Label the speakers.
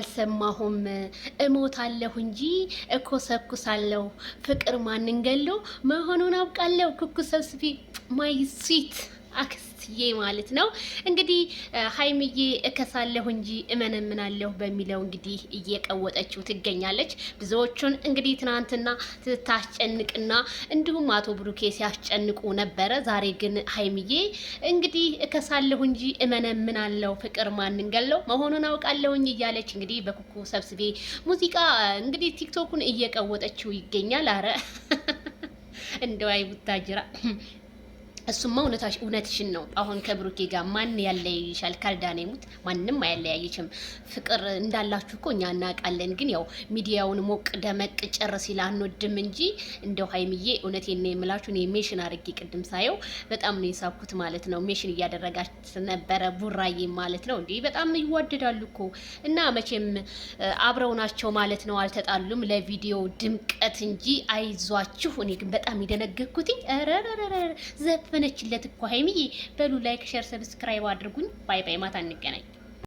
Speaker 1: አልሰማሁም እሞታለሁ እንጂ እኮ እኮሰኩሳለሁ። ፍቅር ማንንገለው መሆኑን አውቃለሁ። ኩኩ ማይ ስዊት አክስትዬ ማለት ነው እንግዲህ ሀይምዬ እከሳለሁ እንጂ እመነምናለሁ በሚለው እንግዲህ እየቀወጠችው ትገኛለች። ብዙዎቹን እንግዲህ ትናንትና ታስጨንቅና እንዲሁም አቶ ብሩኬ ሲያስጨንቁ ነበረ። ዛሬ ግን ሀይምዬ እንግዲህ እከሳለሁ እንጂ እመነምናለሁ ፍቅር ማንንገለው መሆኑን አውቃለሁኝ እያለች እንግዲህ በኩኩ ሰብስቤ ሙዚቃ እንግዲህ ቲክቶኩን እየቀወጠችው ይገኛል። አረ እንደዋይ ቡታጅራ እሱማ እውነትሽን ነው። አሁን ከብሩኬ ጋር ማን ያለያይሻል? ካልዳነ ይሙት ማንም አያለያይችም። ፍቅር እንዳላችሁ እኮ እኛ እናውቃለን። ግን ያው ሚዲያውን ሞቅ ደመቅ ጭር ሲል አንወድም እንጂ እንደው ሀይምዬ እውነቴን ነው የምላችሁ። እኔ ሜሽን አድርጌ ቅድም ሳየው በጣም ነው የሳኩት ማለት ነው። ሜሽን እያደረጋች ነበረ ቡራዬ ማለት ነው። እንዲህ በጣም ይዋደዳሉ እኮ እና መቼም አብረው ናቸው ማለት ነው። አልተጣሉም ለቪዲዮ ድምቀት እንጂ አይዟችሁ። እኔ ግን በጣም የደነገኩትኝ ረረረረ ዘፈነችለት እኮ ሀይሚዬ። በሉ ላይክ፣ ሸር፣ ሰብስክራይብ አድርጉኝ። ባይ ባይ። ማታ እንገናኝ።